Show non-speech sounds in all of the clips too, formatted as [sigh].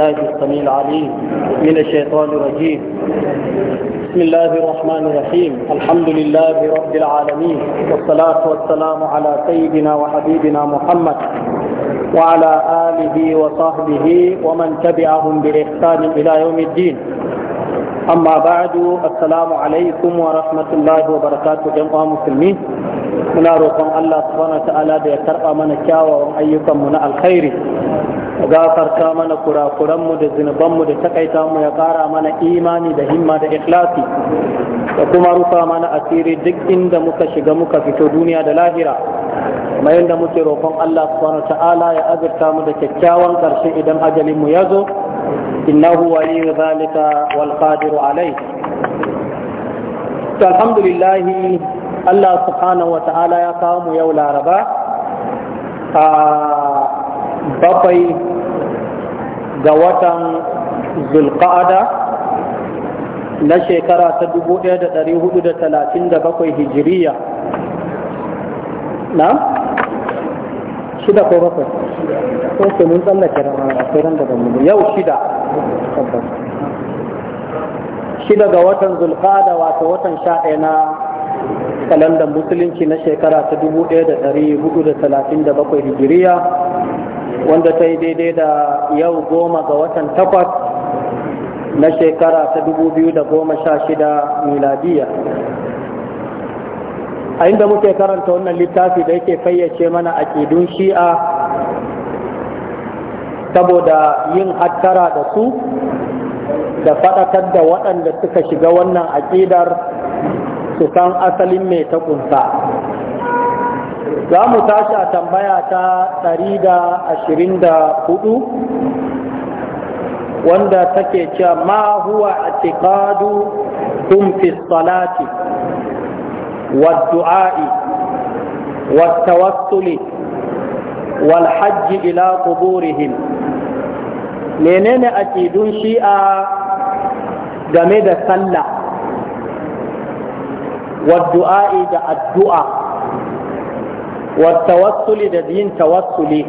بالله السميع العليم من الشيطان الرجيم بسم الله الرحمن الرحيم الحمد لله رب العالمين والصلاة والسلام على سيدنا وحبيبنا محمد وعلى آله وصحبه ومن تبعهم بإحسان إلى يوم الدين أما بعد السلام عليكم ورحمة الله وبركاته جمع مسلمين muna roƙon الله سبحانه وتعالى ta'ala من ya وأيكم من الخير gafarta mana kurakuranmu da zunubanmu da takaita mu ya kara mana imani da himma da ikhlasi da kuma rufa mana asiri duk inda muka shiga muka fito duniya da lahira kuma yadda muke roƙon Allah subhanahu ta'ala ya azurta mu da kyakkyawan ƙarshe idan ajalin mu ya zo innahu waliyyu zalika wal qadiru alayh alhamdulillah Allah subhanahu wa ta'ala ya kawo mu yau laraba a bakwai ga watan zulqa'ada na shekara ta 1437 hijiriya na shida ko bakwai ko ke mun tsallake rana sai ran da mu yau shida shida ga watan zulqa'ada wato watan sha'e na kalandar musulunci na shekara ta 1437 hijiriya wanda ta yi daidai da yau goma ga watan takwas na shekara ta da goma sha shida miladiya a inda muke karanta wannan littafi da yake fayyace mana a kidun shi'a saboda yin hattara da su da faɗakar da waɗanda suka shiga wannan aƙidar su san asalin mai ta ƙunsa za mu tashi a tambaya ta 124 wanda take cewa ma huwa atiqadu kum fi salati wa du'a'i wa ila quburihim menene aqidun shi'a game da sallah wa du'a'i da addu'a والتوسل دين توسلي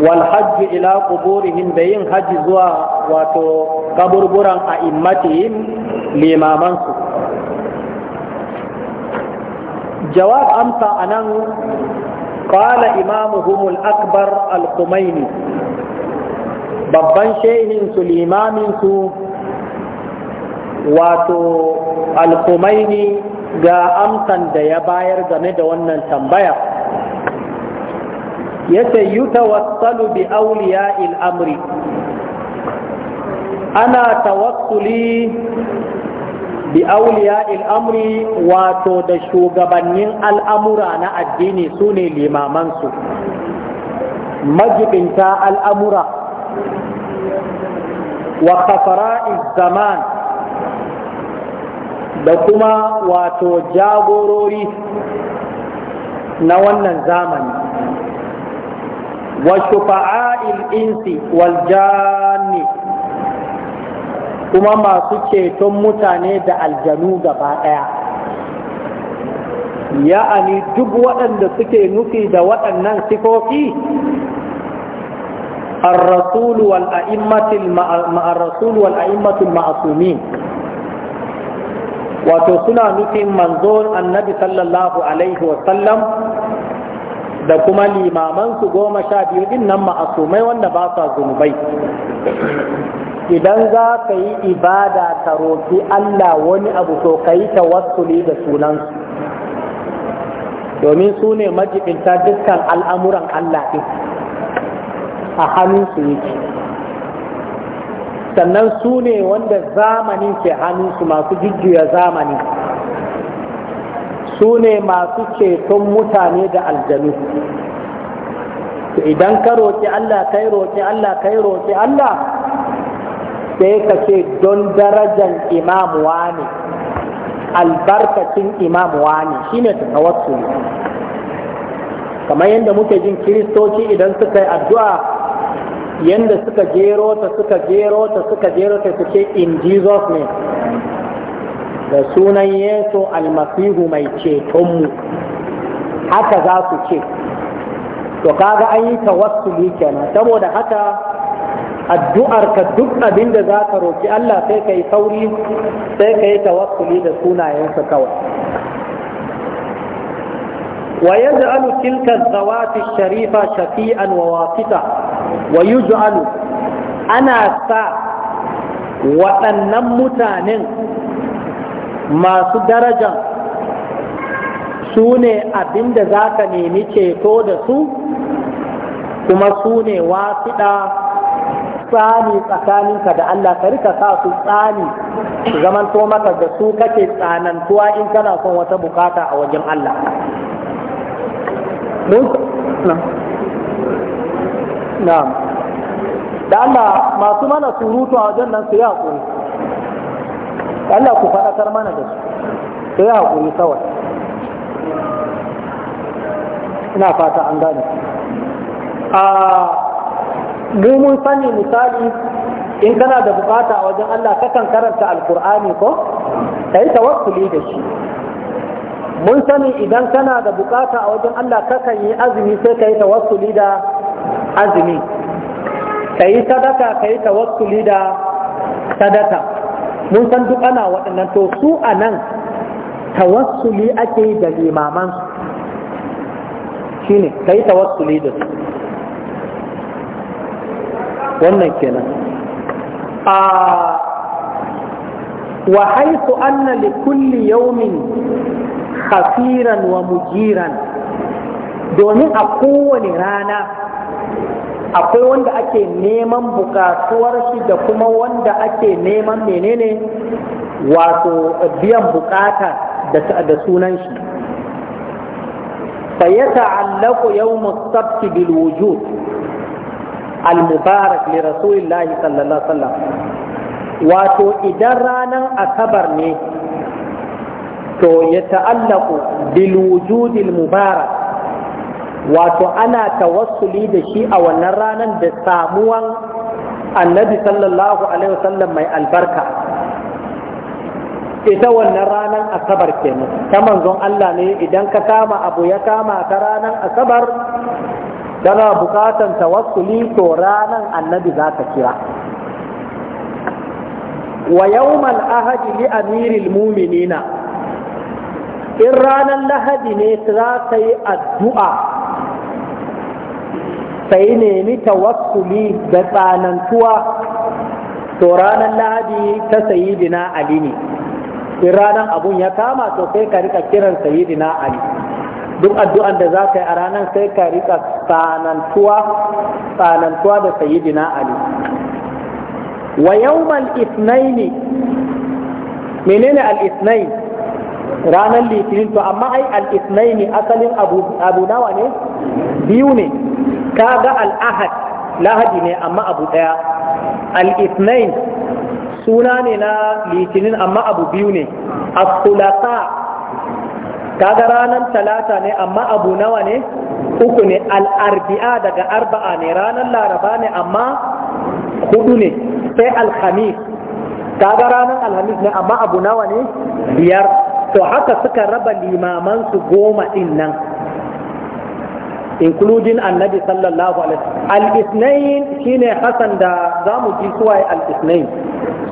والحج إلى قبورهم دين حج زوا واتو قبر برا أئمتهم لما منصب جواب أمسى أنه قال إمامهم الأكبر الخميني babban shehinsu limaminsu wato al-Khumaini ga amsan da ya bayar game da wannan tambaya yace yutawassalu bi awliya'il amri ana tawassuli bi awliya'il amri wato da shugabannin al'amura na addini sune limaman su majibinta al'amura wa kafara'iz zaman da kuma wato jagorori na wannan zamani wa shufa'a'il insi wal janni kuma masu ceton mutane da aljanu gaba ɗaya ya'ani duk waɗanda suke nufi da waɗannan sifofi الرسول والأئمة الرسول والأئمة المعصومين wato suna nufin manzo annabi sallallahu alaihi wasallam da kuma limamansu goma sha biyu din nan ma'asumai wanda ba sa zunubai idan za ka yi ibada ka roƙi Allah wani abu to ka yi wasuli da sunansu domin su ne majibinta dukkan al'amuran Allah ɗin a hannun su yake sannan su ne wanda zamani ke hannu hannunsu masu jujjuya zamani su ne masu ceton mutane da aljanu idan ka roƙi Allah kai roƙi Allah kai roƙi Allah sai ka ce don darajan imam ne, albarkacin imam ne, shine tawassuli kamar yadda muke jin kiristoci idan suka yi addu'a yanda suka gero ta suka gero ta suka gero ta suke in jesus ne da sunan yesu almasihu mai cetonmu haka za su ce to kaga an yi tawassuli kenan saboda haka addu'ar ka duk abin da za ka roki Allah sai ka yi sauri sai ka yi tawassuli da sunayensa kawai wa yaj'alu tilka zawati sharifa shafi'an wa wasita wa yuj'alu ana sa waɗannan mutanen masu darajan su ne abinda za ka nemi ceto da su kuma su ne wasiɗa tsani tsakaninka da Allah ka rika sa su tsani zaman to maka da su kake tsanantuwa in kana son wata bukata a wajen Allah. na'am da Allah masu mana surutu a wajen nan su yi haƙuri Allah ku faɗakar mana da su su yi haƙuri kawai ina fata an gane a mun sani misali in kana da bukata a wajen Allah kakan karanta alkur'ani ko ta kai tawakkuli da shi mun sani idan kana da bukata a wajen Allah kakan yi azumi sai kai tawakkuli da azumi ka yi sadaka ka yi tawakkuli da sadaka mun san duk ana waɗannan to su a nan tawassuli ake yi da limaman su shine ka yi tawassuli da su wannan kenan a wa haitu anna li kulli yawmin khafiran wa mujiran domin a kowane rana akwai wanda ake neman bukatuwar shi da kuma wanda ake neman menene wato biyan bukata da sunan shi فيتعلق يوم السبت بالوجود المبارك لرسول الله صلى الله عليه وسلم wato idan ranar asabar ne to ya ta'allaku bilwujudil mubarak wato ana tawassuli da shi a wannan ranar da samuwan annabi sallallahu alaihi wasallam mai albarka ita wannan ranar asabar kenan ta manzon Allah ne idan ka kama abu ya kama ta ranar asabar tana bukatan tawassuli to ranar annabi za ka kira wa yawmal ahadi li amiril mu'minina in ranar lahadi ne za ka yi addu'a sai nemi tawassuli da tsanantuwa to ranar lahadi ta sayidina ali ne in ranar abun ya kama to sai ka rika kiran sayidina ali duk addu'an da za ka yi a ranar sai ka rika tsanantuwa tsanantuwa da sayidina ali wa yawmal ne? menene al-isnain ranar litinin to amma ai al-isnaini asalin abu nawa ne biyu ne kaga al'ahad lahadi ne amma abu daya al-ithnain suna ne na litinin amma abu biyu ne as-sulasa kaga ranar talata ne amma abu nawa ne uku ne al-arbi'a daga arba'a ne ranar laraba ne amma hudu ne sai al-khamis kaga ranar alhamis ne amma abu nawa ne biyar to haka suka raba limaman su goma din nan including annabi sallallahu alaihi al-isnain shine hasan da zamu ji suwaye al-isnain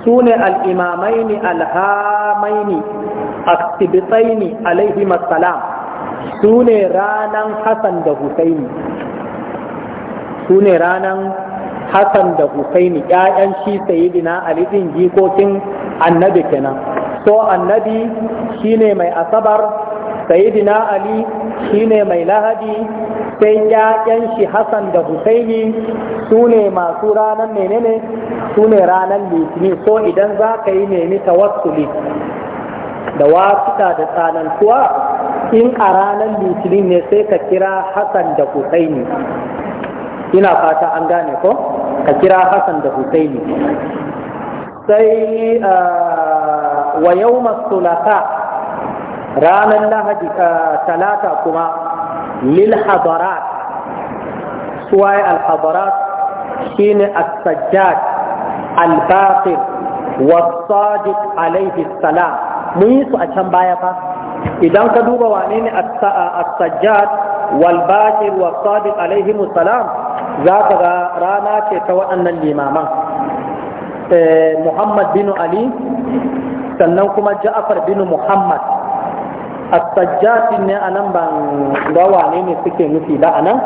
sune al-imamaini al-hamaini as-sibtaini alaihi assalam sune ranan hasan da husaini sune ranan hasan da husaini ƴaƴan shi sayyidina ali din jikokin annabi kenan so annabi shine mai asabar sayyidina ali shine mai lahadi sai ƴaƴan shi hassan da husaini su ne masu ranar menene su ne ranar litini so idan za ka yi nemi tawassuli da wasuta da tsanantuwa in a ranar litinin ne sai ka kira hassan da husaini ina fata an gane ko ka kira hassan da husaini sai eh, wa yau masu ranar lahadi eh, talata kuma lil hadarat suwaye al hadarat shine as-sajjad al-baqir wa sadiq alayhi salam mun yi su a can baya fa idan ka duba wane ne eh, as-sajjad wal baqir wa sadiq alayhi salam za ka ga rana ce ta waɗannan limaman eh, Muhammad bin Ali sannan kuma Ja'far bin Muhammad asajjatin ne a nan ban gawa ne ne suke nufi da a nan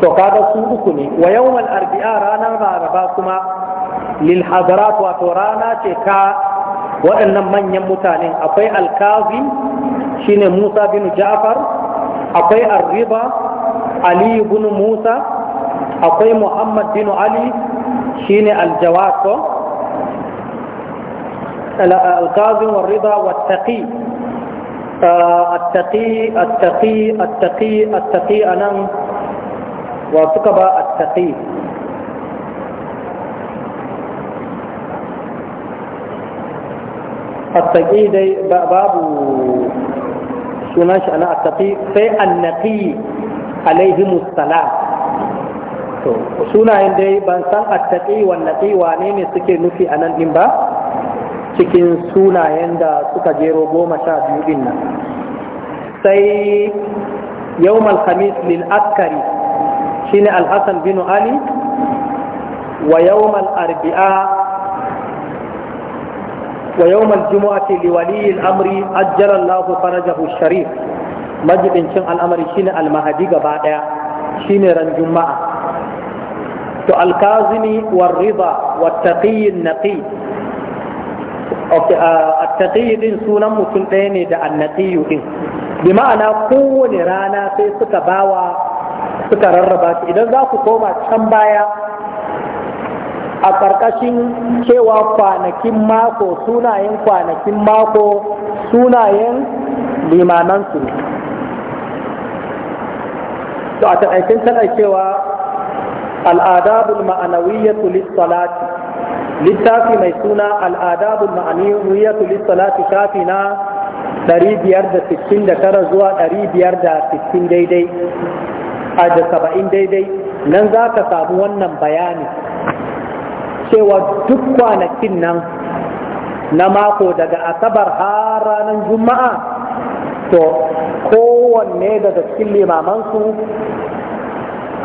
to kaga su uku ne wa yawmal arbi'a ranar laraba kuma lil hadarat wato rana ce ka waɗannan manyan mutanen akwai alkazi shine musa bin ja'far akwai arriba ali bin musa akwai muhammad bin ali shine aljawato الكاظم والرضا والتقي التقي التقي التقي التقي أنا وسكب التقي التقي دي باب سناش أنا التقي في النقي عليهم السلام sunayen dai ban san attaqi wannan ne suke nufi anan din ba cikin sunayen da suka jero goma sha biyu din nan sai yau malhamis lil'askari shi ne alhassan binu ali wa yau mal'arbi'a wa yau maljimuwa ce liwali al'amri farajahu sharif majalincin al'amari shi ne almahadi gaba ɗaya, shi ne ranjun ma'a to alkazini warriba wattaqiyin naqi attaqi din sunan mutum ɗaya ne da annaqiyu din bi ma'ana kowane rana sai suka bawa suka rarraba shi idan za ku koma can baya a ƙarƙashin cewa kwanakin mako sunayen kwanakin mako sunayen limanansu to a taƙaicin tana cewa al'adabul ma'anawiyyatu lissalati littafi mai suna al'adabul ma'aniyatu lissalati shafi na 569 zuwa 560 daidai a da 70 daidai nan za ka samu wannan bayani cewa duk kwanakin nan na mako daga asabar har ranar juma'a to kowanne daga cikin limamansu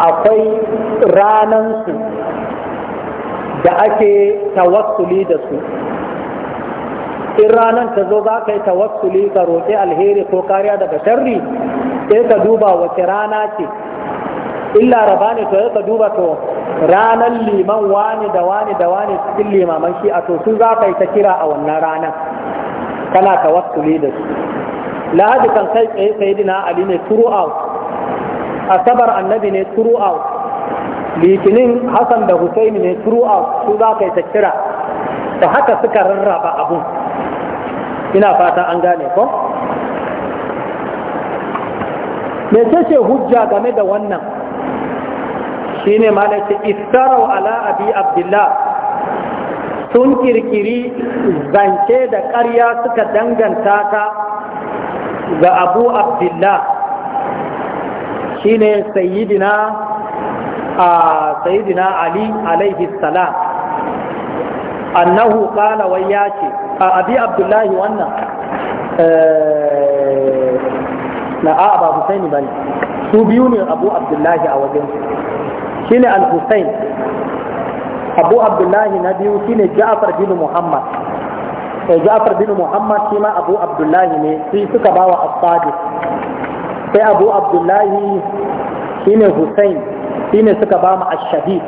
akwai ranansu da ake tawassuli da su in ranar ta zo za ka yi tawassuli ka roƙe alheri ko kariya daga sharri sai ka duba wace rana ce illa rabani ne to ka duba to ranar liman wani da wani da wani cikin limaman shi a to su za ka yi ta kira a wannan ranar kana tawassuli da su lahadi kan kai tsaye sayidina ali ne throughout asabar annabi ne throughout litinin hassan da Hussaini ne throughout su za ka yi ta kira da haka suka rarraba abu ina fata an gane ko Me ce hujja game da wannan shine malaki istarau ala abi abdullah sun kirkiri zance da ƙarya suka danganta ka ga abu abdullah shine sayidina... a sayyidina ali alaihi salam annahu qala wai ya ce A abi abdullahi wannan na a ba husaini bane su biyu ne abu abdullahi a wajen Shi ne al-husain abu abdullahi na biyu shi ne Ja'afar bin muhammad Ja'afar bin muhammad shi ma abu abdullahi ne sai suka bawa as sai abu abdullahi shi ne husain shine suka ba mu ashadi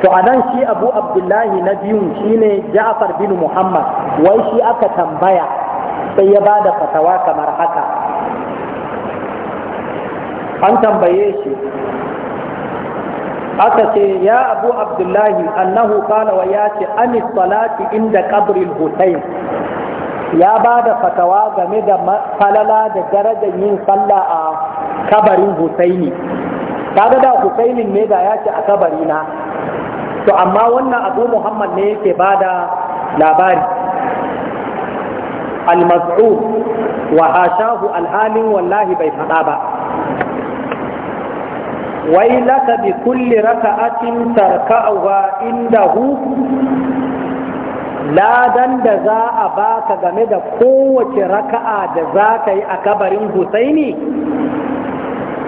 to anan shi abu abdullahi na biyun shine ja'far bin muhammad wai shi aka tambaya sai ya ba da fatawa kamar haka an tambaye shi aka ce ya abu abdullahi annahu kala wa ya ce anis salati inda kabril hussein ya ba da fatawa game da falala da darajar yin sallah a kabarin husaini kaga da husainin ne da ya ce a kabari na to amma wannan abu muhammad ne yake bada labari al-mas'ud wa hashahu wallahi bai faɗa ba wai laka bi kulli raka'atin tarka'uha indahu ladan da za a baka game da kowace raka'a da za ka yi a kabarin husaini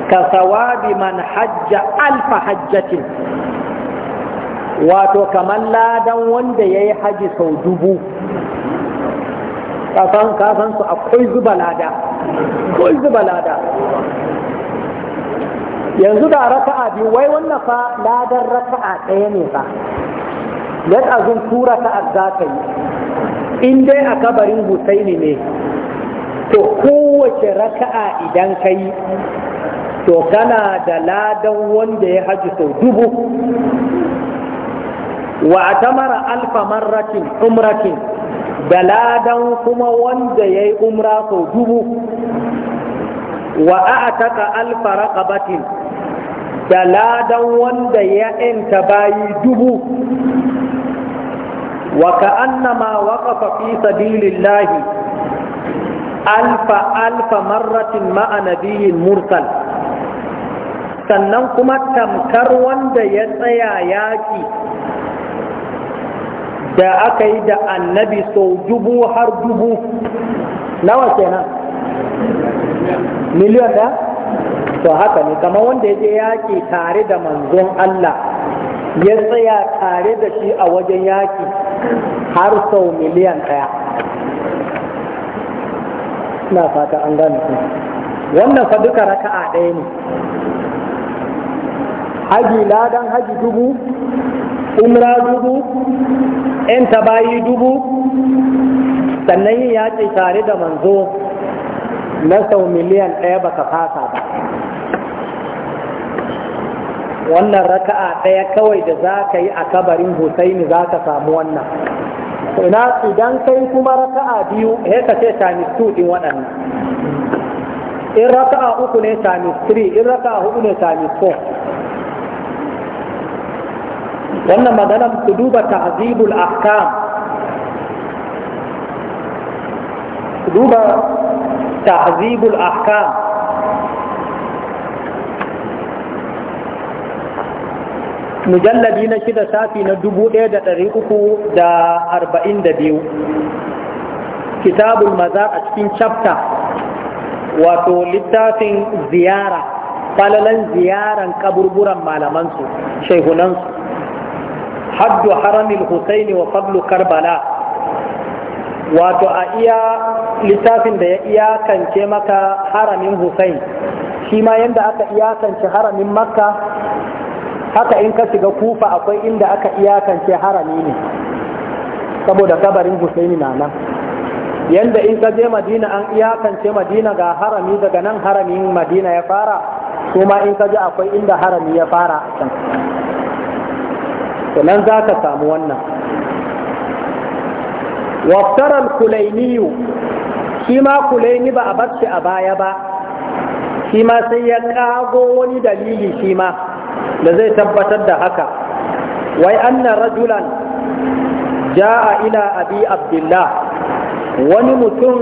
ka sawabi man hajja alfa hajjatin wato kamar ladan wanda ya yi haji sau dubu kasan kasan su akwai zuba lada akwai zuba lada yanzu da raka'a biyu wai wannan fa ladan raka'a ɗaya ne fa yan azun tura ta za ka yi in dai a kabarin husaini ne to kowace raka'a idan ka yi to kana da ladan wanda ya haji sau dubu wa atamara alfa marratin umratin da ladan kuma wanda ya yi umra sau dubu wa ataka alfa raqabatin da ladan wanda ya yanta bayi dubu wa ka'annama waqafa fi sabilillahi alfa alfa marratin ma'a nabiyyin mursal sannan kuma tamkar wanda ya tsaya yaƙi da aka yi da annabi sau dubu har dubu nawa kenan miliyan da to haka ne kamar wanda ya je yaƙi tare da manzon Allah ya tsaya tare da shi a wajen yaƙi har sau miliyan ɗaya na fata an gane wannan fa duka raka'a ɗaya ne haji ladan haji dubu umra dubu yan tabayi dubu sannan yin yaƙi tare da manzo na sau miliyan ɗaya baka fasa ba wannan raka'a ɗaya kawai da za ka yi a kabarin husaini za ka samu wannan ina idan kai kuma raka'a biyu sai ka ce times two ɗin waɗannan in raka'a uku ne times three in raka'a hudu ne times four wannan maganar ku duba ta'zibul ahkam ku duba ta'zibul ahkam mujalladi na shida safi na dubu ɗaya da ɗari uku da arba'in da biyu kitabul maza a cikin chapter wato littafin ziyara falalan ziyaran kaburburan malamansu shaihunansu haddu haramil husaini wa fadlu karbala wato a iya littafin da ya iyakance maka haramin husain shi ma yadda aka iyakance haramin makka haka in ka shiga kufa akwai inda aka iyakance harami ne saboda kabarin husaini na nan yadda in ka je madina an iyakance madina ga harami daga nan haramin madina ya fara kuma in ka je akwai inda harami ya fara a can to nan za ka samu wannan waftarar kulainiyu shi ma kulaini ba a barci a baya ba shi ma sai ya kago wani dalili shi ma da zai tabbatar da haka wai anna rajulan ja'a ila abi abdullah wani mutum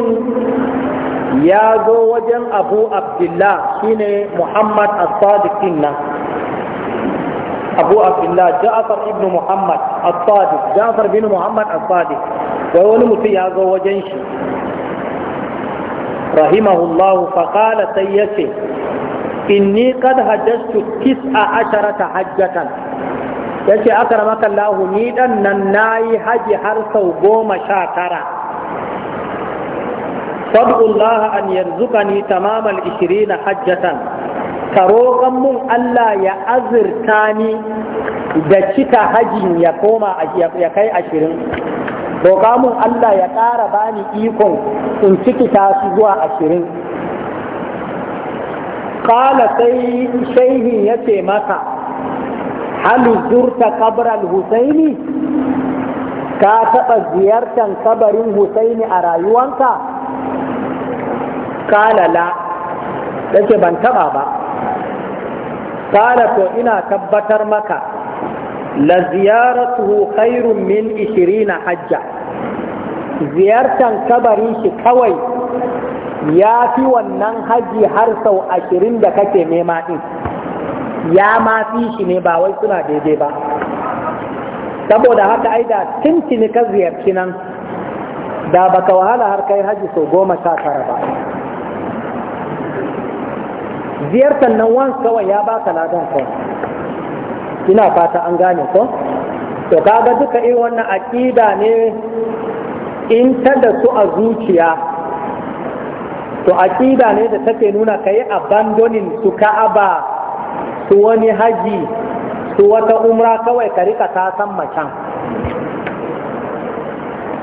ya zo wajen abu abdullah shine muhammad as-sadiq nan abu abdullah ja'far ibn muhammad as-sadiq ja'far bin muhammad as-sadiq wani mutum ya zo wajen shi rahimahullahu faqala sai yace inni qad hajjatu tis'a asharata hajjatan yace akramaka Allah ni dan nan nayi haji har sau goma sha tara fad'u Allah an mamal tamamal 20 hajjatan ka roƙon mun Allah ya azurta ni da cika hajin ya koma ya kai ashirin roƙa mun Allah ya ƙara bani ikon in cikita su zuwa ashirin Kala sai shaihin ya ce maka halu zurta kabral husaini ka taɓa ziyartar kabarin husaini a rayuwanka ƙala la ce ban taɓa ba kala to ina tabbatar maka la ziyaratuhu khairun min 20 hajja ziyartan kabarin shi kawai ya fi wannan haji har sau ashirin da kake nema ɗin ya ma fi shi ne ba wai suna daidai ba saboda haka ai da tuntuni ka ziyarci nan da baka wahala har kai haji sau goma sha tara ba ziyartar nan wan kawai ya baka ladan ko ina fata an gane ko to kaga duka irin wannan aqida ne in ta da su a zuciya to aqida ne da take nuna kai abandonin su ka'aba su wani haji su wata umra kawai ka rika ta san macan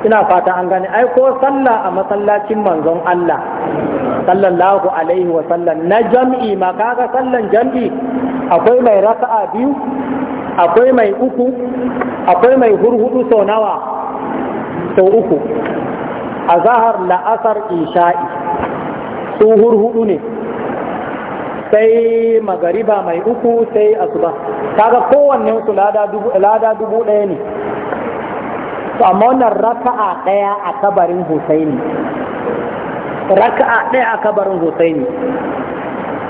ina fata an gane ai ko sallah a masallacin manzon Allah sallallahu alaihi wa sallam na jam'i ma kaga sallan jam'i akwai mai raka'a biyu akwai mai uku akwai mai hurhudu sau nawa sau uku a zahar la'asar isha'i su hurhudu ne sai magariba mai uku sai asuba kaga kowanne su lada dubu ɗaya ne to amma wannan raka'a ɗaya a kabarin husaini raka'a ɗaya a kabarin husaini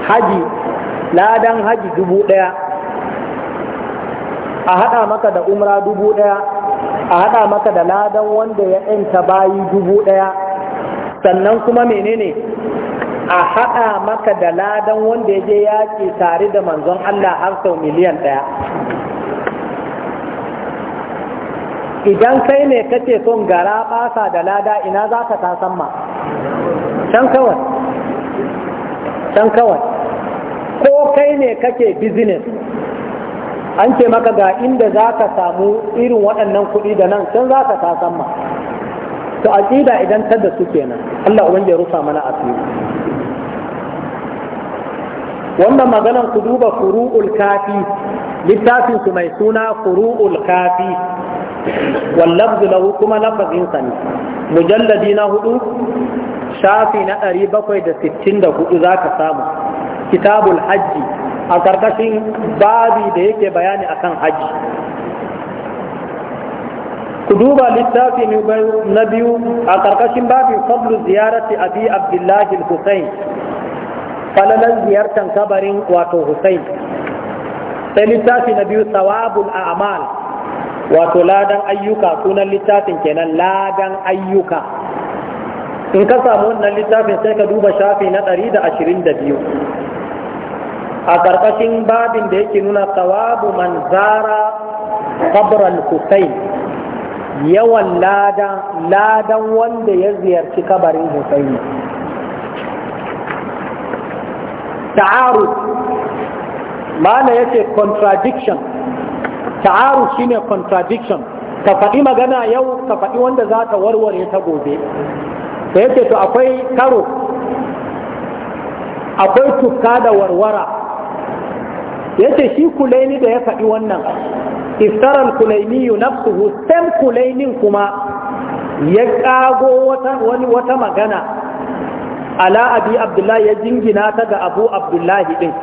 haji ladan haji dubu ɗaya a haɗa maka da umra dubu ɗaya a haɗa maka da ladan wanda ya ɗanta bayi dubu ɗaya sannan kuma menene a haɗa maka da ladan wanda ya je yaƙi tare da manzon Allah har sau miliyan ɗaya idan kai ne kake son gara ɓasa da lada ina za ka tasamma can kawai can kawai ko kai ne kake business an ce maka ga inda za ka samu irin waɗannan kuɗi da nan can za ka tasan ma to aƙida idan ta da su kenan Allah ubangi ya rufa mana asiri wannan maganan ku duba furu'ul kafi littafin su mai suna furu'ul kafi wallabzu lahu kuma lafazin sa ne mujalladi na hudu shafi na ɗari bakwai da sittin da hudu za ka samu kitabul hajji a ƙarƙashin babi da yake bayani akan hajji ku duba littafi na biyu a ƙarƙashin babin fadlu ziyarati abi abdullahi hussein falalan ziyartar kabarin wato hussein sai littafi na biyu sawabul a'mal wato ladan ayyuka sunan littafin kenan ladan ayyuka in ka samu wannan littafin sai ka duba shafi na ɗari da da biyu. a ƙarƙashin babin da yake nuna tsawabu man zara kabral hussein yawan ladan ladan wanda ya ziyarci kabarin hussein ta'aru mana yake contradiction ta'aru shine contradiction ka faɗi magana yau ka faɗi wanda za ta warware ta gobe da yake to akwai karo akwai tuka da warwara yace shi kulaini da ya faɗi wannan iftaral kulaini nafsuhu sam kulainin kuma ya ƙago wani wata magana ala abi abdullahi ya jingina ta ga abu abdullahi ɗin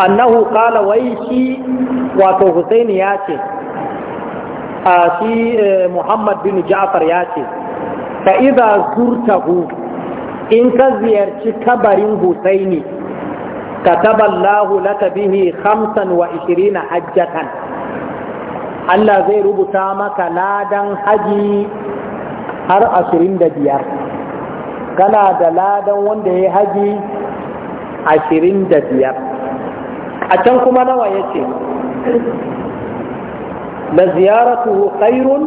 annahu kala wai shi wato husaini ya ce a shi eh, muhammad bin ja'far ya ce fa idza zurtahu in ka ziyarci kabarin husaini kataballahu laka bihi khamsan wa ishirina hajjatan Allah zai rubuta maka ladan haji har ashirin da biyar kana da ladan wanda ya haji ashirin da biyar a can kuma nawa ya ce la ziyaratuhu khairun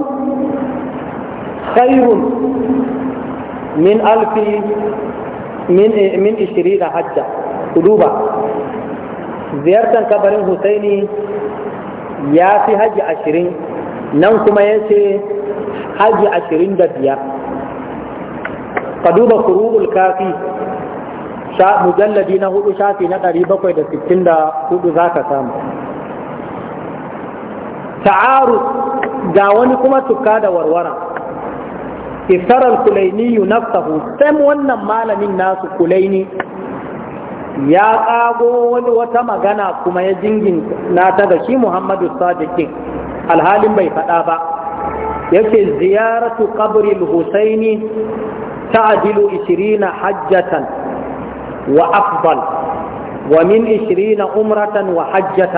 khairun min alfi min eh, min 20 hajja ku duba ziyartar kabarin husaini ya fi hajji ashirin nan kuma ya ce hajji ashirin da biyar ka duba kurubul kafi mujalladi na hudu shafi na ɗari bakwai da sittin da hudu za ka samu ta'arus ga wani kuma tuka da warwara iftarar Kulaini nafsahu sai wannan malamin nasu kulaini ya kago wani wata magana kuma ya jingin na ta da shi muhammadu sadiqin alhalin bai faɗa ba yake ziyaratu qabril husaini ta'dilu 20 hajjatan وأفضل ومن عشرين أمرة وحجة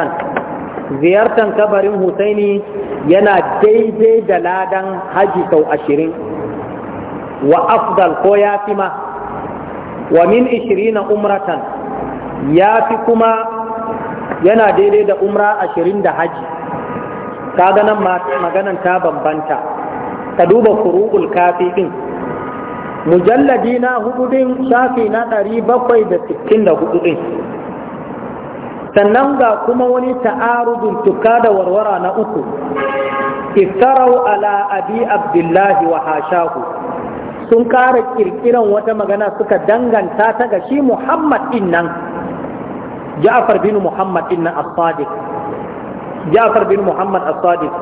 زيارة كبر حسين ينا ديدي دلادا حج سو عشرين وأفضل قويا فيما ومن عشرين يا فيكما ينا ديدي دا عمرة عشرين ده حج كاغنا ما مغانا تابا بانتا تدوب فروق الكافيين mujalladi na hudu din shafi na ɗari bakwai da sittin da hudu din sannan ga kuma wani ta'arudun tuka da warwara na uku iftarau ala abi abdullahi wa hashahu sun ƙara kirkiran wata magana suka danganta ta ga shi muhammad din nan ja'far bin muhammad din nan as-sadiq ja'far bin muhammad as-sadiq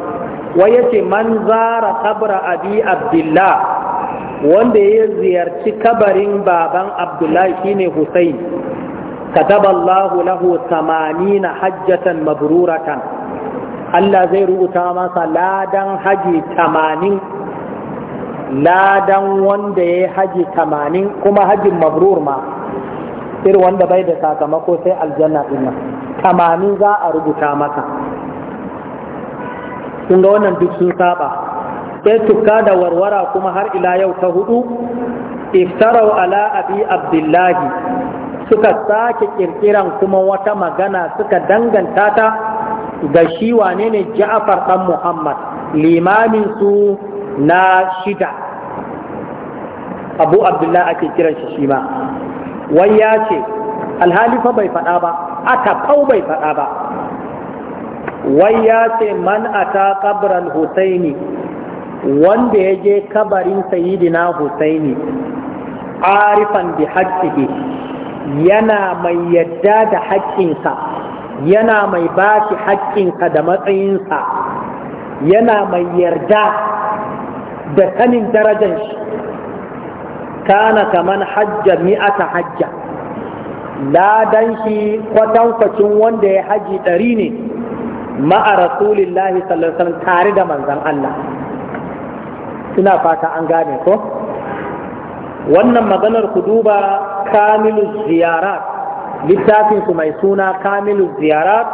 wa yace man zara qabra abi Abdullahi. wanda ya ziyarci kabarin baban abdullahi shine katab'a Allahu lahu na hajjatan mabruratan Allah zai rubuta masa ladan haji tamanin ladan wanda ya haji tamanin kuma hajin mabrur ma irin wanda bai da sakamako sai aljanna ina, tamanin za a rubuta masa kun ga wannan duk sun saba sai tuka da warwara kuma har ila yau ta hudu iftarau ala abi abdullahi suka sake kirkiran kuma wata magana suka danganta ta ga shi wane ne ja'far dan muhammad limamin su na shida abu abdullahi ake kiran shi shi ma wai ya ce alhalifa bai faɗa ba aka kau bai faɗa ba wai ya ce man ata qabran husaini wanda ya je kabarin sayidina husaini arifan bi haqqihi yana mai yadda da haƙƙinsa yana mai ba shi da matsayinsa yana mai yarda da sanin darajar shi kana kaman hajja mi'ata hajja ladan shi kwatankwacin wanda ya haji ɗari ne ma'a rasulillahi sallallahu alaihi wasallam tare da manzon Allah ina fata an gane ko wannan maganar ku duba kamilu ziyarat littafin su mai suna kamilu ziyarat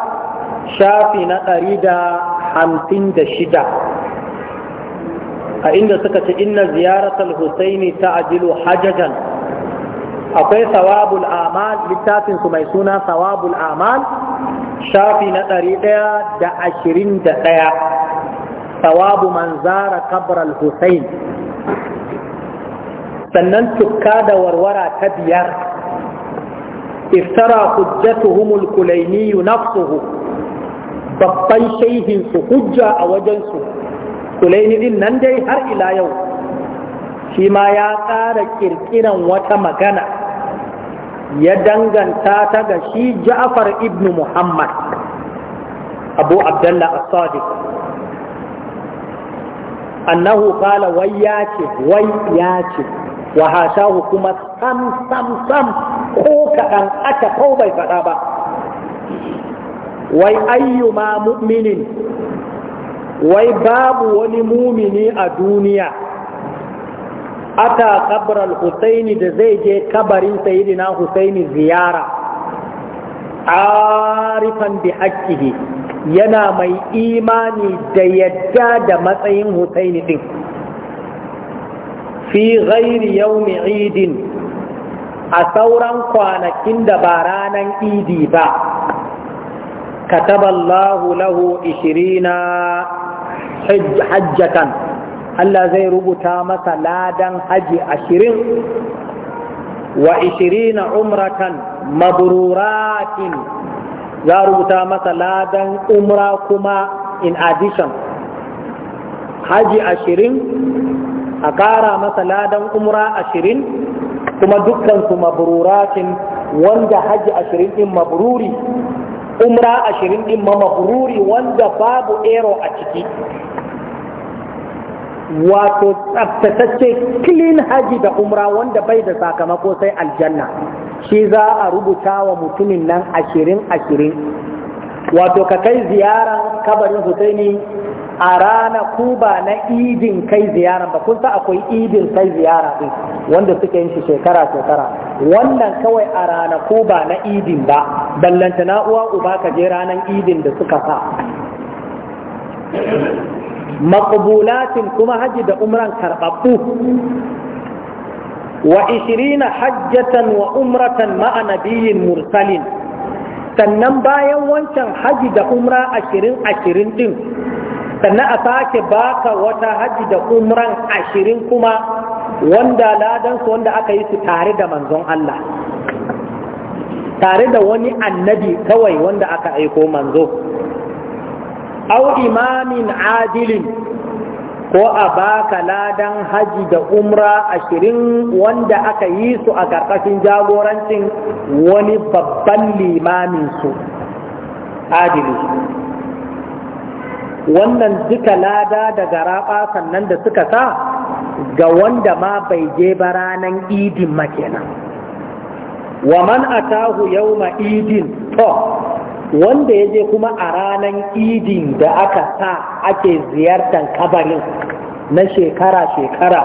shafi na ɗari da hamsin da shida a inda suka ce inna ziyaratul husaini ta ajilu hajajan akwai sawabul amal littafin su mai suna sawabul amal shafi na ɗari ɗaya da ashirin da ɗaya sawabu man zara kabral Hussein sannan tukka da warwara ta biyar iftara hujjatuhumul kulainiyu nafsuhu babban shaihinsu hujja a wajensu kulaini din nan dai har ila yau shi ma ya ƙara ƙirƙiran wata magana ya danganta ta ga shi ja'far ibnu muhammad abu abdullah as-sadiq annahu qala wai ya ce wai ya ce wa hashahu kuma sam sam sam ko kaɗan aka ko bai faɗa ba wai ayyuma mu'minin wai babu wani mumini a duniya ata kabral husaini da zai je kabarin sayidina husaini ziyara arifan bi haƙƙihi yana mai imani da yadda da matsayin husaini din fi ghairi yaumi idin a sauran kwanakin da ba ranar idi ba kataballahu lahu ishirina hajjatan Allah zai rubuta masa ladan haji ashirin wa ishirina umratan maburatin za a rubuta masa ladan umra kuma in addition haji ashirin a ƙara masa ladan umra ashirin kuma dukkansu mabruratin wanda haji ashirin ɗin mabururi, umra ashirin ɗin ma mabururi wanda babu ero a ciki wato tsaftatacce clean haji da umra wanda bai da sakamako sai aljanna shi za a rubuta wa mutumin nan ashirin ashirin wato ka kai ziyaran kabarin husaini a rana kuba na idin kai ziyara ba kun sa akwai idin kai ziyara din wanda suke yin shi shekara shekara wannan kawai a rana kuba na idin ba ballanta na uwa uba ka je ranan idin da suka sa maqbulatin kuma haji da umran karɓaɓɓu wa ishirina hajjatan wa umratan ma'a nabiyin mursalin sannan bayan wancan haji da umra ashirin ashirin din sannan a sake baka wata haji da umran ashirin kuma wanda ladansu wanda aka yi su tare da manzon Allah tare da wani annabi kawai wanda aka aiko manzo au imamin adilin ko a baka ladan haji da umra ashirin wanda aka yi su a ƙarƙashin jagorancin wani babban limamin su adili wannan duka lada da garaɓa sannan da suka sa ga wanda ma bai je ba ranan idin makenan wa man atahu yawma idin to wanda ya je kuma a ranar idin da aka sa ake ziyartar kabarin na shekara-shekara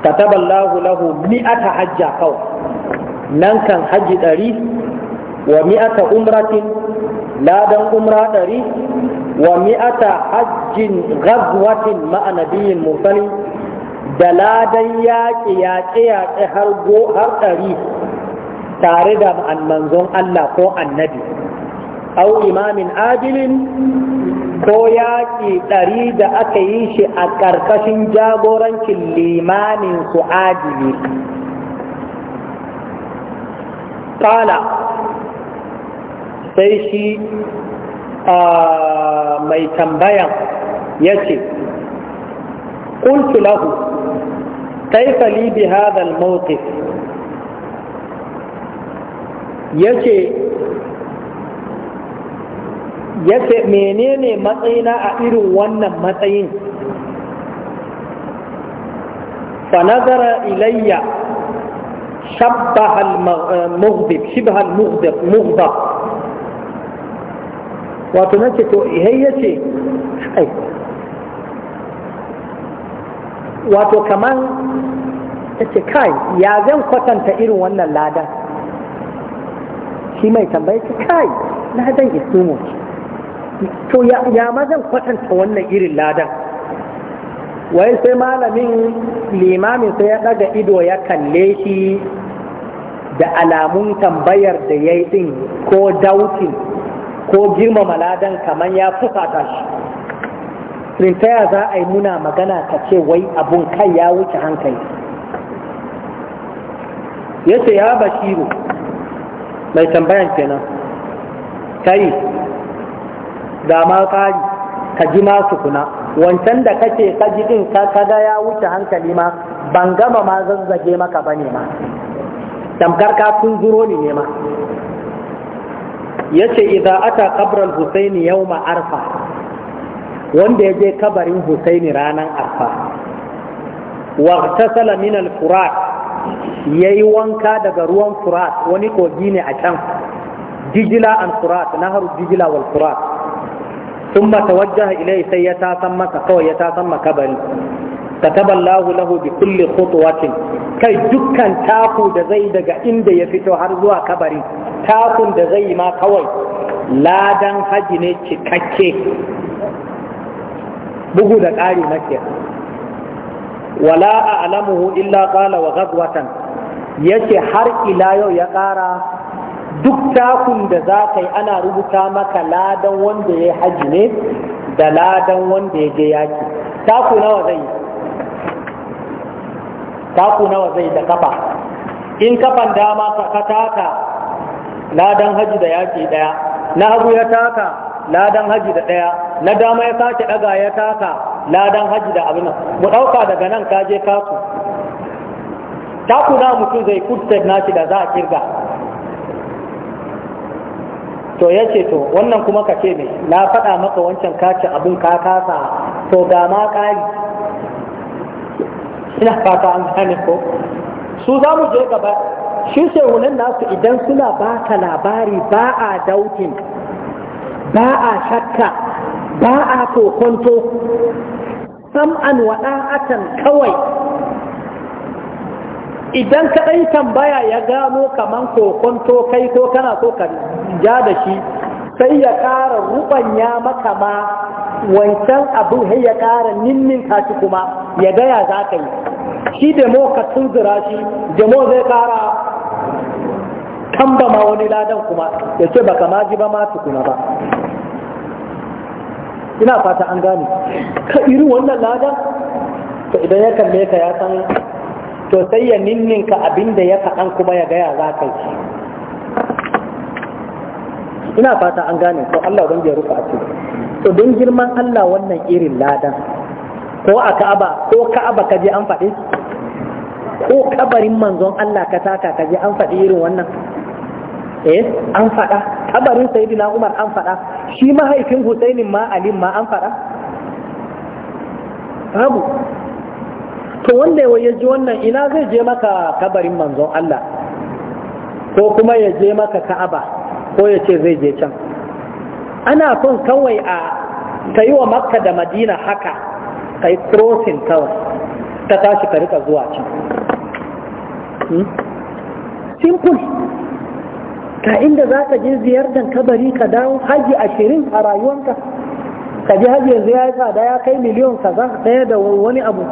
kataballahu lahu mi'ata hajja kawo, nan kan hajji ɗari wa mi'ata umratin ladan umra ɗari wa mi'ata hajjin gazwatin ma'anabiyin mursali da ladan yaƙi yaƙe yaƙe har ɗari tare da manzon Allah ko annabi au imamin adilin ko yaƙi ɗari da aka yi shi a ƙarƙashin jagorancin limamin su adili kala sai shi mai tambayan ya ce ƙuntu lahu kaifali bi hadal mawqif ya ce Ya ce menene matsayina a irin wannan matsayin Fanazara nazara ilayya shabbahal al-mughdib shibha al-mughdib mughdab wato nace to ihai yace wato kamar kaman yace kai ya zan kwatanta irin wannan ladan shi mai tambaye ce kai ladan is too much to ya ma zan kwatanta wannan irin ladan wai sai malamin limamin sai ya daga ido ya kalle shi da alamun tambayar da ya yi ɗin ko dautin ko girmama ladan kamar ya fusata shi rintaya za a yi muna magana ta ce wai abun kai ya wuce hankali ya ce ya bashiru mai tambayan kenan kai da ma ƙari ka ji ma kuna. wancan da kake ka ji din ka kaga ya wuce hankali ma ban gama ma zazzage maka bane ma tamkar ka tun zuro ne ma yace idza ata qabral husaini yawma arfa wanda ya je kabarin husaini ranar arfa waqtasala min al-furat yayi wanka daga ruwan furat wani kogi ne a can dijila an furat nahar dijila wal furat ilai sai ثم توجه إليه سيتاسم كوي يتاسم كبري كتب الله له بكل خطوة kai dukkan taku da zai daga inda ya fito har zuwa kabari takun da zai ma kawai ladan haji ne cikakke bugu da ƙari nake wala a alamuhu illa qala wa ghazwatan yace har ila yau ya ƙara duk takun da za ka yi ana rubuta maka ladan wanda ya haji ne da ladan wanda ya je yaki taku nawa zai taku nawa zai da kafa in kafan dama ka taka ladan haji da yaki daya na hagu ya taka ladan haji da daya na dama ya sake daga ya taka ladan haji da abin mu dauka daga nan ka je kasu taku na mutum zai kudta nashi da za a kirga to ya ce to wannan kuma ka ce ne na faɗa maka wancan kace abin ka kasa to ga ma ƙari ina fata an gane ko su za mu je gaba shi shehunan nasu idan suna ba ka labari ba a dautin ba a shakka ba a kokonto sam'an wada'atan kawai idan ka tambaya ya gano kaman kokonto kai ko kana so ka ja da shi sai ya ƙara ruɓanya maka ma wancan abin sai ya ƙara nimmin shi kuma ya gaya za ka yi shi demo ka tunzura shi demo zai ƙara tambama wani ladan kuma ya ce baka ma ji ba ma tukuna ba ina fata an gane ka iri wannan ladan to idan ya kalle ka ya san to sai ya ninninka abin da ya faɗan kuma ya gaya za ka yi ina fata an gane ko Allah ban ya rufa ce to don girman Allah wannan irin ladan ko a Ka'aba ko Ka'aba kaje an faɗi ko kabarin manzon Allah ka taka kaje an faɗi irin wannan eh an faɗa kabarin sayyidina Umar an faɗa shi mahaifin Husainin ma Ali ma an faɗa babu to wanda ya ji wannan ina zai je maka kabarin manzon Allah ko kuma ya je maka Ka'aba ko ya ce zai je can ana son kawai a Ta yi wa makka da madina haka ka yi crossing kawai ta tashi ka rika zuwa can hmm? simple ka inda za ka je ziyartar kabari ka dawo haji ashirin a rayuwanka ka ji haji yanzu ya yi tsada ya kai miliyon kaza ɗaya da wani abu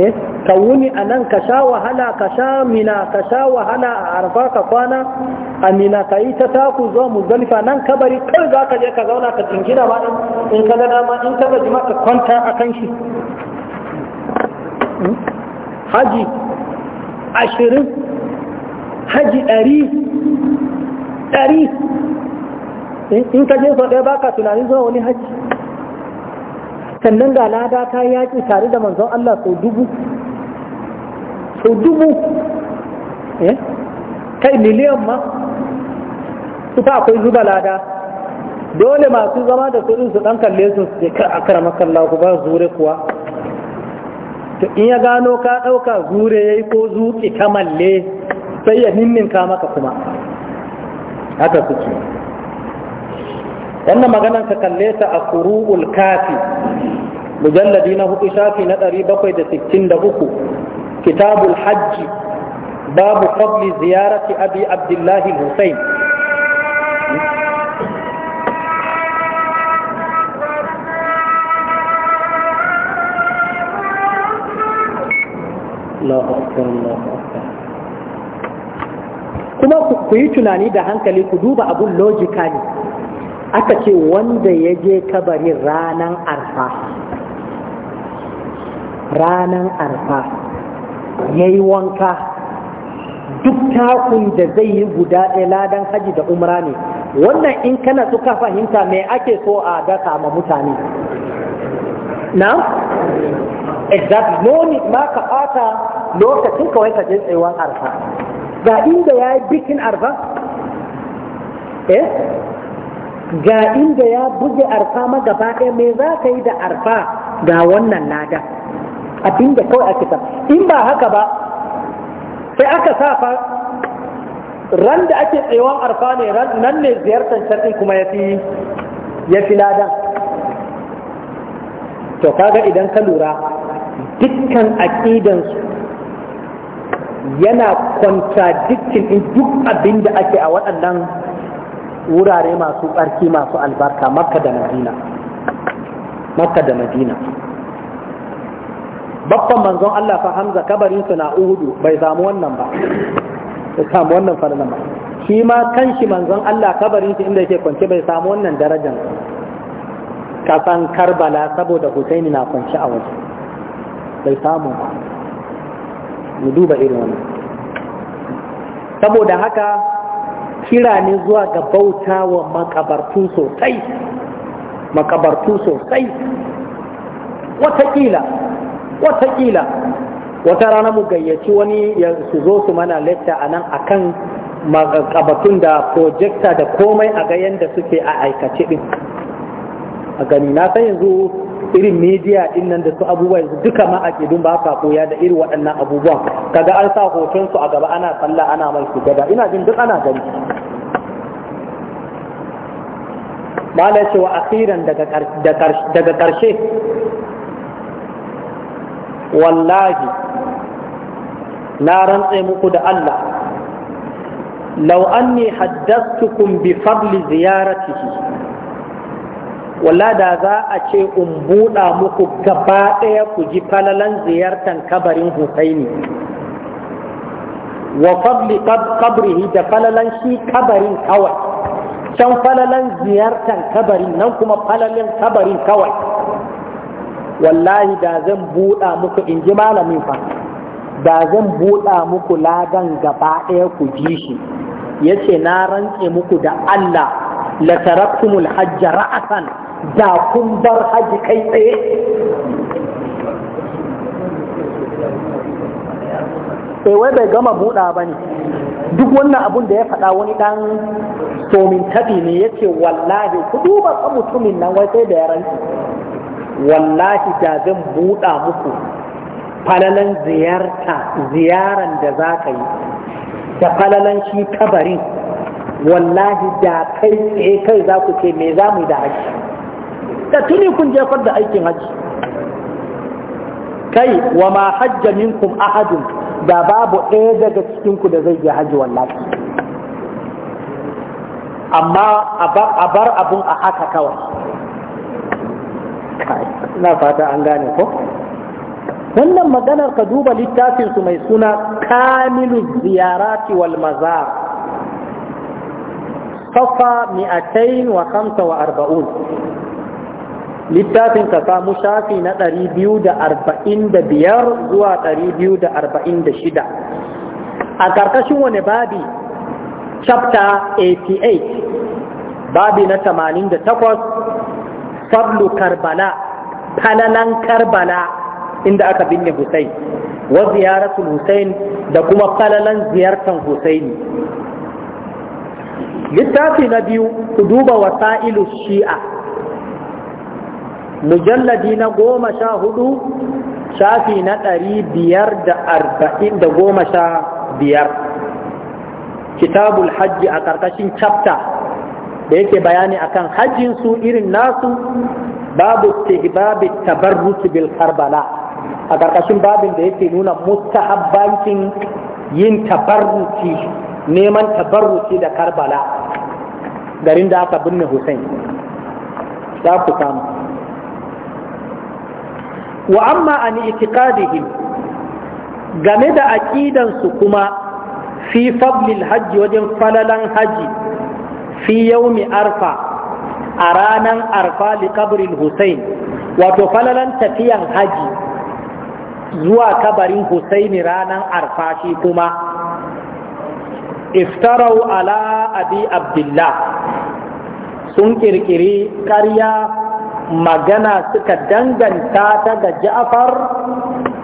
Eh, ka wuni a nan ka sha wahala ka sha mina ka sha wahala a arfa ka kwana a mina ka yi ta taku zuwa muzdalifa nan ka bari kar za ka je ka zauna ka jingina ma in ka gada ma in ka gaji ma ka kwanta a kan shi hmm? haji ashirin haji ɗari ɗari in ka je sau ɗaya baka tunanin zuwa wani haji sannan ga lada ta yaƙi tare da manzon Allah sau dubu sau dubu eh? kai miliyan ma ita akwai zuba lada dole masu zama da su su ɗan kalle su su ka kara makalla ku ba zure kuwa to in ya gano ka ɗauka zure ya yi ko zuƙi ta malle sai ya ninninka maka kuma haka suke wannan maganan ka kalle ta a kuru'ul kafi mujalladi na hudu shafi na ɗari bakwai da sittin da kitabul hajji babu fadli ziyarati abi abdullahi hussein kuma ku yi tunani da hankali ku duba abun logika ne aka ce wanda ya je kabarin ranan arfa ranan arfa ya yi wanka duk takun da zai yi guda ɗaya ladan haji da umra ne wannan in kana suka fahimta me ake so a daka ma mutane na? exactly no need ma ka ɓata lokacin kawai ka je tsayuwan arfa ga inda ya yi bikin arfa eh ga inda ya buge arfa ma ɗaya me za ka yi da arfa ga wannan abin abinda kawai ake sa in ba haka ba sai aka sa fa ran da ake tsewon arfa ne nan ne ziyartar sharɗi kuma ya fi ya ladan to kaga idan ka lura dukkan aƙidansu yana kwanta in duk abin da ake a waɗannan wurare masu tsarki masu albarka makka da madina makka da madina babban manzon Allah fa Hamza kabarinsa na Uhudu bai samu wannan ba bai samu wannan farnan ba shi ma kanshi manzon Allah kabarin kabarinsa inda yake kwance bai samu wannan darajar kasan Karbala saboda Husaini na kwance a waje bai samu ba mu duba irin wannan saboda haka kira ne zuwa ga bauta wa makabartu sosai makabartu sosai watakila watakila wata rana mu gayyaci wani ya su zo su mana lecture a nan kan makabartun da projector da komai a ga suke a aikace din a gani na san yanzu irin media din nan da su abubuwa yanzu duka ma a kidun ba ka koya da irin waɗannan abubuwan kaga an sa hoton su a gaba ana sallah ana mai sujada ina jin duk ana gani mala ce wa akhiran daga karshe wallahi na rantse muku da Allah law anni haddathtukum bi fadli ziyaratihi walla da za a ce in buɗa muku gaba ɗaya ku ji falalan ziyartar kabarin husaini wa fadli kabrihi da falalan shi kabarin kawai can falalan ziyartar kabarin nan kuma falalan kabarin kawai wallahi da zan buɗa muku in ji malamin fa da zan buɗa muku lagan gaba ɗaya ku ji shi ya ce na rantse muku da Allah la taraktumul hajja ra'asan da kun bar haji kai tsaye E wai bai gama buɗa ba ne duk wannan abun da ya faɗa wani ɗan somin taɓi ne ya ce wallahi ku duba ka mutumin nan wai sai da ya ranci wallahi da zan buɗa muku falalan ziyarta ziyaran da za ka yi da falalan shi kabarin wallahi da kai tsaye kai za ku ce me za mu da hashi da tuni kun jefar da aikin haji kai wa ma hajja minkum ahadun da babu ɗaya daga cikinku da zai je hajji wallahi amma a bar abun a haka kawai na fata an gane ko wannan maganar ka duba littafinsu mai suna kamilu ziyarati wal mazar safa 245 littafin ka samu shafi na 245 zuwa 246 a ƙarƙashin wani babi chapter 88 babi na 88 sablu karbala falalan karbala inda aka binne Hussein wa ziyaratul Hussein da kuma falalan ziyartan Husaini littafi na biyu ku duba wasa'ilu shi'a mujalladi na goma sha hudu shafi na ɗari biyar da arba'in da goma sha biyar kitabul hajji a ƙarƙashin chapter da yake bayani akan hajjin su irin nasu babu istihbabi tabarruki bil karbala a ƙarƙashin babin da yake nuna mustahabbancin yin tabarruki neman tabarruki da karbala garin da aka binne Hussain, za ku samu wa amma an itiqadihim game da aqidansu kuma fi fadlil hajji wajen falalan haji fi yaumi arfa a ranan arfa li kabarin Hussein wato falalan tafiyan haji zuwa kabarin Hussein ranan arfa shi kuma iftarau ala abi abdullah sun kirkiri karya magana suka danganta ta ga Ja'far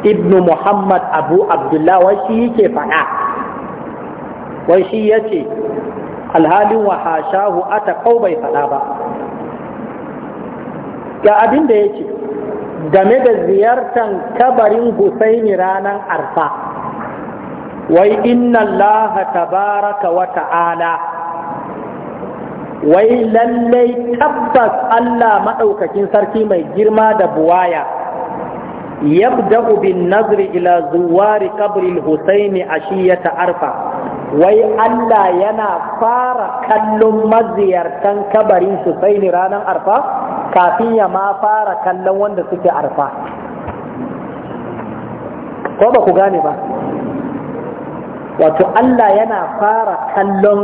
Ibnu Muhammad Abu Abdullah wai shi yake faɗa wai shi yace alhalin wa hashahu ata kau bai faɗa ba ga abin da ce? game da ziyartan kabarin Husaini ranar Arfa wai inna ta tabaraka wa ta'ala wai lallai tabbas Allah maɗaukakin sarki mai girma da buwaya yabda'u bin nazri ila zuwari kabril husaini ashiyata arfa wai Allah yana fara kallon maziyartan kabarin husaini ranar arfa kafin ya ma fara kallon wanda suke arfa ko ba ku gane ba wato Allah yana fara kallon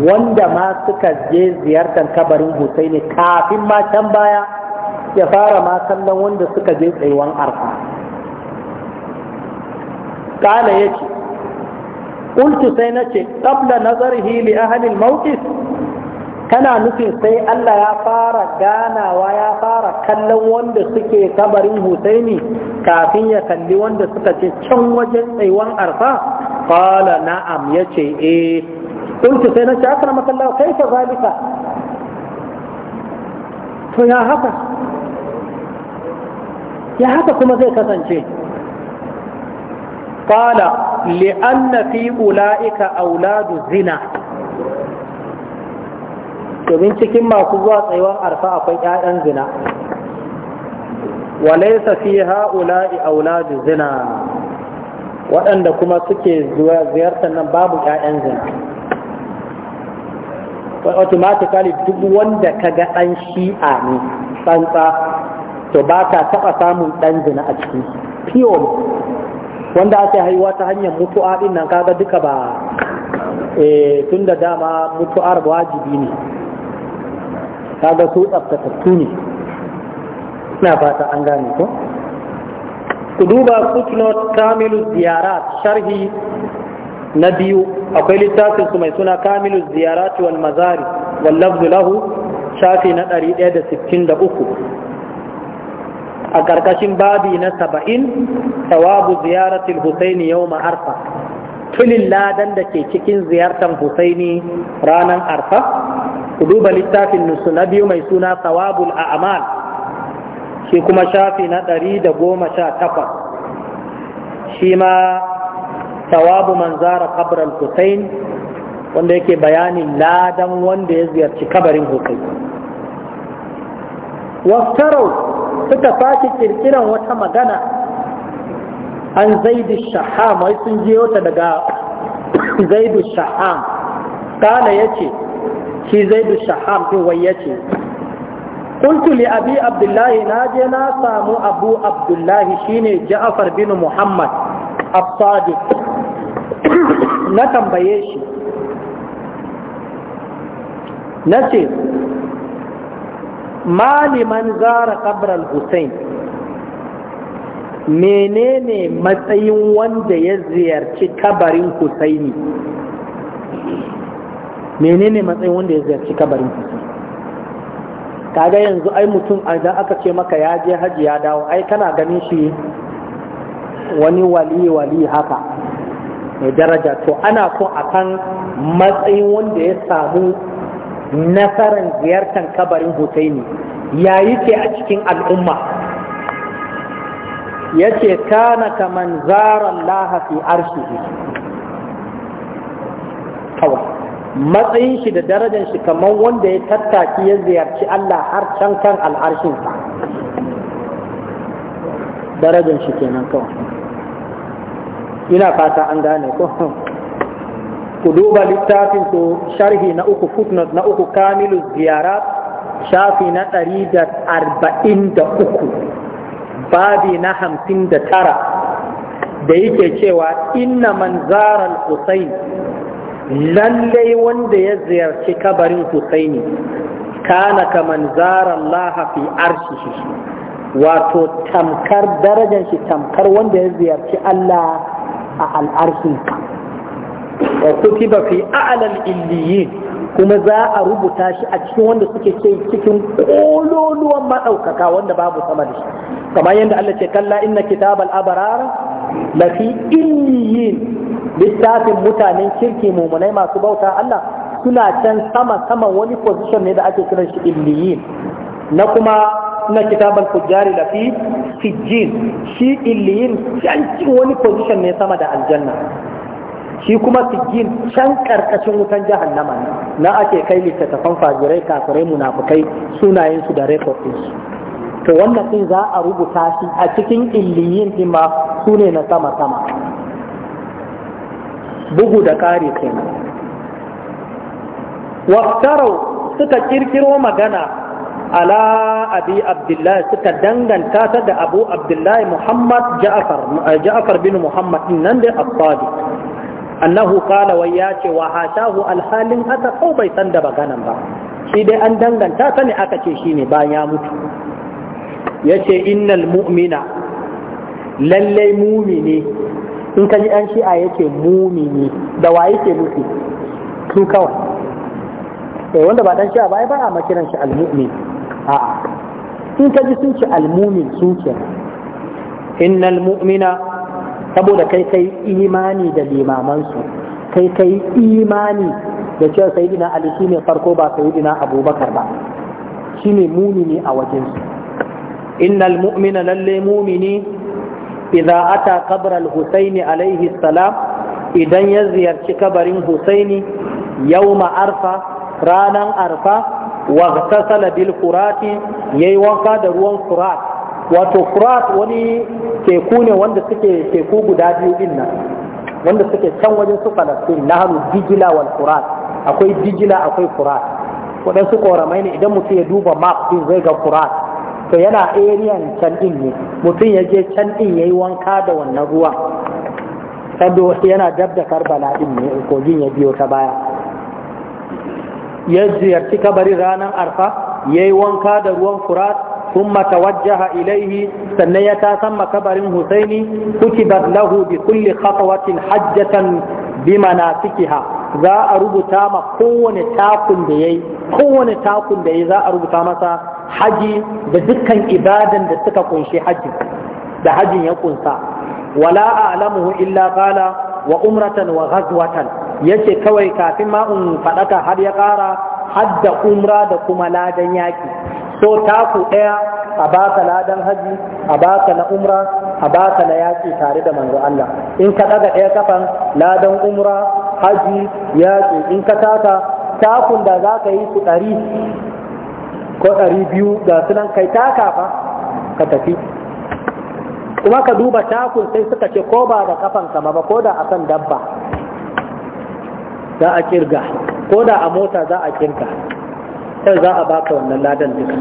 wanda ma suka je ziyartar kabarin Husaini kafin ma can baya ya fara ma kallon wanda suka je tsayuwan arfa kala ya ce ƙultu sai na ce ƙabla hili a hannun mawqif kana nufin sai Allah ya fara ganawa ya fara kallon wanda suke kabarin Husaini kafin ya kalli wanda suka ce can wajen tsayuwan arfa qala na'am yace eh قلت سينا أكرمك الله كيف ذلك فيا هكا يا هكا كما زي قال لأن في أولئك أولاد زنا domin cikin masu zuwa tsayuwar arfa akwai 'ya'yan zina walaisa fi ha'ula'i zina waɗanda kuma suke ziyartar nan babu 'ya'yan zina automatically duk wanda kaga dan shi'a ne tsantsa to ba ka taba samun dan zina a ciki pure wanda aka haihuwa ta hanyar mutu'a din nan kaga duka ba eh da dama mutu'ar wajibi ne kaga su tsaftatattu ne ina fata an gane ko ku duba footnote kamilu ziyarat sharhi na biyu akwai littafin su mai suna kamilu ziyarati wal mazari wallafzu lahu shafi na 163 a ƙarƙashin babi na 70 tsawabu ziyaratil husaini yau ma'arfa. tulin ladan da ke cikin ziyartar husaini ranar arfa ku duba littafin nusu na biyu mai suna tawabul a'amal shi kuma shafi na 118 shi ma sawabu man zara qabral Hussein wanda yake bayanin ladan wanda ya ziyarci kabarin Hussein wastarau suka fashi kirkiran wata magana an zaidu shaham wai sun jiyo ta daga [coughs] zaidu shaham kala ce shi zaidu shaham din wai ya yace قلت لأبي Abdullahi na je na samu Abu Abdullahi shine جعفر bin Muhammad الصادق na tambaye shi na ce maliman zara kabral hussein menene matsayin wanda ya ziyarci kabarin husaini menene matsayin wanda ya ziyarci kabarin husaini kaga yanzu ai mutum idan aka ce maka ya je hajji ya dawo ai kana ganin shi wani wali wali haka mai daraja to ana so a kan matsayin wanda ya samu nasarar ziyartar kabarin husaini ya yi ke a cikin al'umma ya ce kana kaman zaran lahafi arshihi matsayin shi da darajar shi kamar wanda ya tattaki ya ziyarci Allah har can kan al'arshinsa darajar shi kenan kawai ina fata an gane ko ku duba littafin ku sharhi na uku footnote na uku kamilu ziyara shafi na ɗari da arba'in da uku babi na hamsin da tara da yake cewa inna man zarar husain lallai wanda ya ziyarci kabarin husaini kana kaman zarar laha fi wato tamkar darajar shi tamkar wanda ya ziyarci Allah a al'arshinka wa kutiba fi a'lal kuma za a rubuta shi a cikin wanda suke ce cikin kololuwan maɗaukaka wanda babu sama da shi kamar yadda Allah ce kalla inna kitabal abarara lafi illiyin littafin mutanen kirki mummunai masu bauta Allah suna can sama sama wani position ne da ake kiran shi illiyin na kuma na kitaban kujari da fi fijin shi illiyin can wani position ne sama da aljanna shi kuma fijin can karkashin wutan jihar jahannama na ake kai littattafan fajirai kafirai munafukai sunayensu da rekod to wannan din za a rubuta shi a cikin iliyin din su ne na sama sama bugu da ƙare kenan waftarau suka kirkiro magana ala abi abdullahi suka danganta ta da abu abdullahi muhammad ja'afar eh, bin muhammad nan da asadi annahu qala wai ya ce wa hashahu alhalin haka ko bai san da maganan ba shi dai an danganta ta ne aka ce shi ne bayan ya mutu ce innal mu'mina lallai mumini in ka ji an shi'a yake mumini da wa yake nufi su kawai eh, wanda ba dan shi'a ba ai ba a makiran shi almu'min a'a in ka ji sun ce almumin sun ce innal mu'mina saboda kai kai imani da limamansu kai kai imani da cewa sayyidina ali shine farko ba sayyidina abubakar ba shine mumini a wajensu innal mu'mina lalle mumini idza ata qabr al-husaini alayhi salam idan ya ziyarci kabarin husaini yawma arfa ranan arfa waghtasala bil furati yayi wanka da ruwan furat wato furat wani teku ne wanda suke teku guda biyu din nan wanda suke can wajen su Falastin nahru dijila wal furat akwai digila akwai furat waɗansu koramai ne idan mutum ya duba map din zai ga furat to yana ariyan can din ne mutum ya je can din yayi wanka da wannan ruwan saboda yana dab da karbala din ne kogin ya biyo ta baya ya ziyarci kabarin ranar arfa ya yi wanka da ruwan furat sun matawajjaha ilaihi sannan ya tasan makabarin husaini da lahu bi kulli khatawatin hajjatan bi manasikiha za a rubuta ma kowane takun da yayi kowane takun da za a rubuta masa haji da dukkan ibadan da suka kunshi haji da hajin ya kunsa wala a'lamuhu illa kala wa umratan wa ghazwatan yace kawai kafin ma in faɗaka har ya ƙara hadda umra da kuma ladan yaƙi so taku ɗaya a baka ladan haji a baka na umra a baka na yaƙi tare da manzo Allah in ka ɗaga ɗaya kafan ladan umra haji yaƙi in ka taka takun da za ka yi su ɗari ko ɗari biyu ga sunan kai taka fa ka tafi kuma ka duba takun sai suka ce ko ba da kafan kama ba ko da akan dabba za a kirga ko da a mota za a kirga sai za a baka wannan ladan duka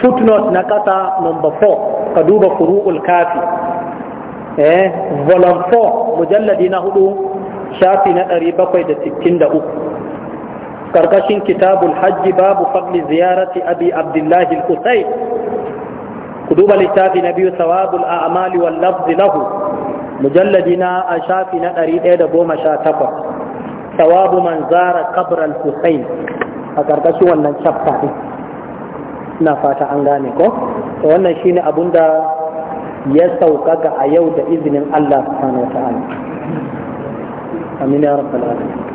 footnote na kasa number 4 ka duba furu'ul kafi eh volume 4 mujalladi na hudu shafi na 763 karkashin kitabul hajji babu fadli ziyarati abi abdullahi al-husayn ku duba littafi na biyu sawabul a'mali wal lafzi lahu mujalladi na shafi na 118 thawabu man zara qabr al a karkashin wannan chapter din fata an gane ko to wannan shine abun da ya sauƙaƙa a yau da izinin Allah subhanahu wa amin ya rabbal